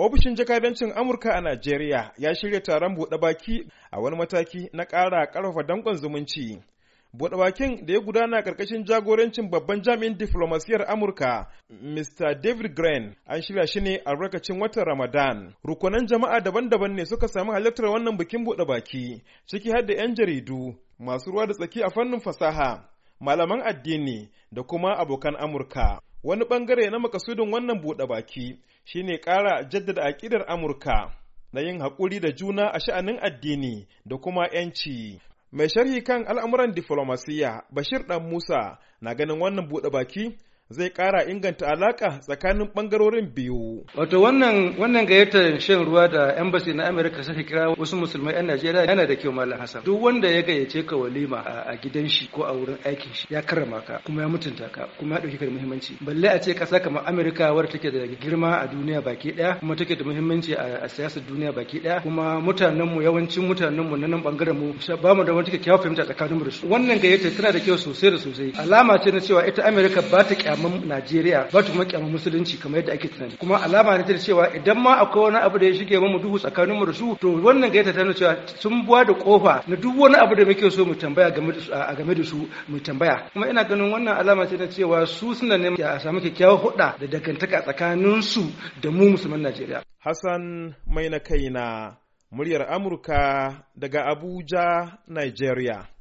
Ofishin jakadancin Amurka a Najeriya ya shirya taron buɗe baki a wani mataki na ƙara ƙarfafa danƙon zumunci. Buɗe bakin da ya gudana ƙarƙashin jagorancin babban jami'in diflomasiyar Amurka, Mr. David Grant, an shirya shi ne a lokacin watan Ramadan. Rukunan jama'a daban-daban ne suka sami halartar wannan bikin buɗe baki, ciki har da 'yan jaridu, masu ruwa da tsaki a fannin fasaha, malaman addini da kuma abokan Amurka. wani bangare na makasudin wannan buɗe baki shine ƙara jaddada aƙidar amurka na yin haƙuri da juna a sha'anin addini da kuma 'yanci mai sharhi kan al'amuran diflomasiyya bashir dan musa na ganin wannan buɗe baki zai ƙara inganta alaƙa tsakanin ɓangarorin biyu. Wato wannan wannan gayyatar shan ruwa da embassy na Amerika suka kira wasu musulmai 'yan Najeriya yana da kyau Malam Hassan. Duk wanda ya gayyace ka walima a gidan shi ko a wurin aikin shi ya karrama ka kuma ya mutunta ka kuma ya ɗauki ka da muhimmanci. Balle a ce ƙasa kamar Amerika wadda take da girma a duniya baki ɗaya kuma take da muhimmanci a siyasar duniya baki ɗaya kuma mutanenmu yawancin mutanenmu na nan ɓangaren mu ba mu da wani kyakkyawar fahimta tsakaninmu da su. Wannan gayyatar tana da kyau sosai da sosai. Alama ce na cewa ita Amerika ba ta kyaman Najeriya ba su kuma kyaman musulunci kamar yadda ake tunani kuma alama ne ta cewa idan ma akwai wani abu da ya shige mu duhu tsakanin mu da su to wannan gaita ta cewa sun buwa da kofa na duk wani abu da muke so mu tambaya game da su a game da su mu tambaya kuma ina ganin wannan alama ce ta cewa su suna neman a samu kyakkyawar hudda da dangantaka tsakanin su da mu musulman Najeriya Hassan mai na kaina muryar Amurka daga Abuja Nigeria